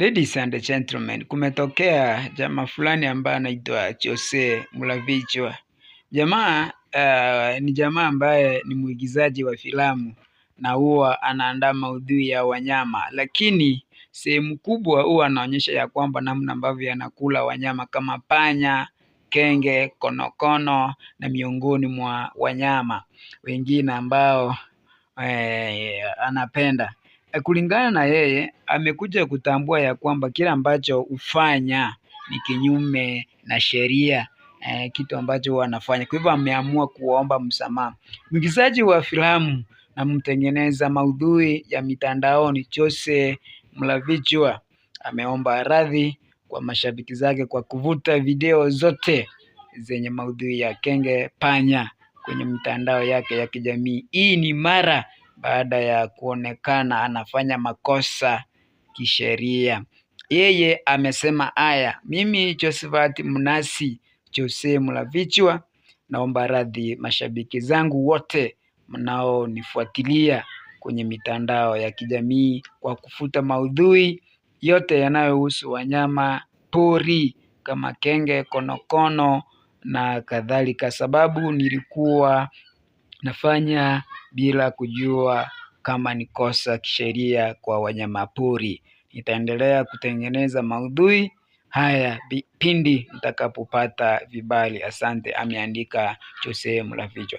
Ladies and gentlemen, kumetokea jamaa fulani ambaye anaitwa Jose Mulavichwa. Jamaa uh, ni jamaa ambaye ni mwigizaji wa filamu na huwa anaandaa maudhui ya wanyama, lakini sehemu kubwa huwa anaonyesha ya kwamba namna ambavyo anakula wanyama kama panya, kenge, konokono na miongoni mwa wanyama wengine ambao eh, anapenda Eh, kulingana na yeye, amekuja kutambua ya kwamba kile ambacho hufanya ni kinyume na sheria eh, kitu ambacho wanafanya. Kwa hivyo ameamua kuwaomba msamaha. Mwigizaji wa filamu na mtengeneza maudhui ya mitandaoni Jose Mlavichwa ameomba radhi kwa mashabiki zake kwa kuvuta video zote zenye maudhui ya kenge panya kwenye mitandao yake ya kijamii. Hii ni mara baada ya kuonekana anafanya makosa kisheria. Yeye amesema haya, mimi Josephat Mnasi Jose Mlavichwa, naomba radhi mashabiki zangu wote mnaonifuatilia kwenye mitandao ya kijamii kwa kufuta maudhui yote yanayohusu wanyama pori kama kenge, konokono na kadhalika, sababu nilikuwa nafanya bila kujua kama ni kosa kisheria kwa wanyamapori. Nitaendelea kutengeneza maudhui haya pindi nitakapopata vibali. Asante, ameandika Jose Mlavichwa.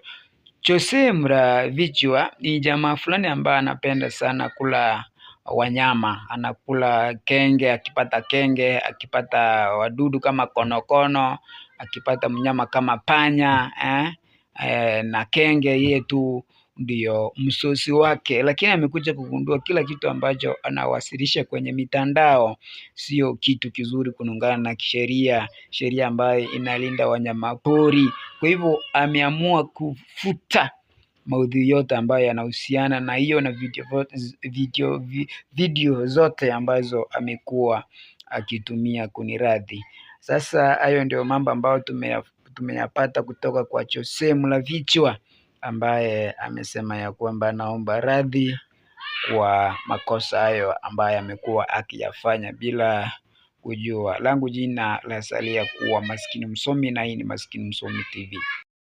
Jose Mlavichwa ni jamaa fulani ambaye anapenda sana kula wanyama, anakula kenge, akipata kenge, akipata wadudu kama konokono, akipata mnyama kama panya eh? eh, na kenge yetu ndiyo msosi wake, lakini amekuja kugundua kila kitu ambacho anawasilisha kwenye mitandao sio kitu kizuri kulingana na kisheria, sheria ambayo inalinda wanyamapori. Kwa hivyo ameamua kufuta maudhui yote ambayo yanahusiana na hiyo na video, video, video zote ambazo amekuwa akitumia kuniradhi. Sasa hayo ndio mambo ambayo tumeya tumeyapata kutoka kwa Jose Mlavichwa ambaye amesema ya kwamba anaomba radhi kwa makosa hayo ambayo amekuwa akiyafanya bila kujua. Langu jina la salia kuwa Maskini Msomi na hii ni Maskini Msomi TV.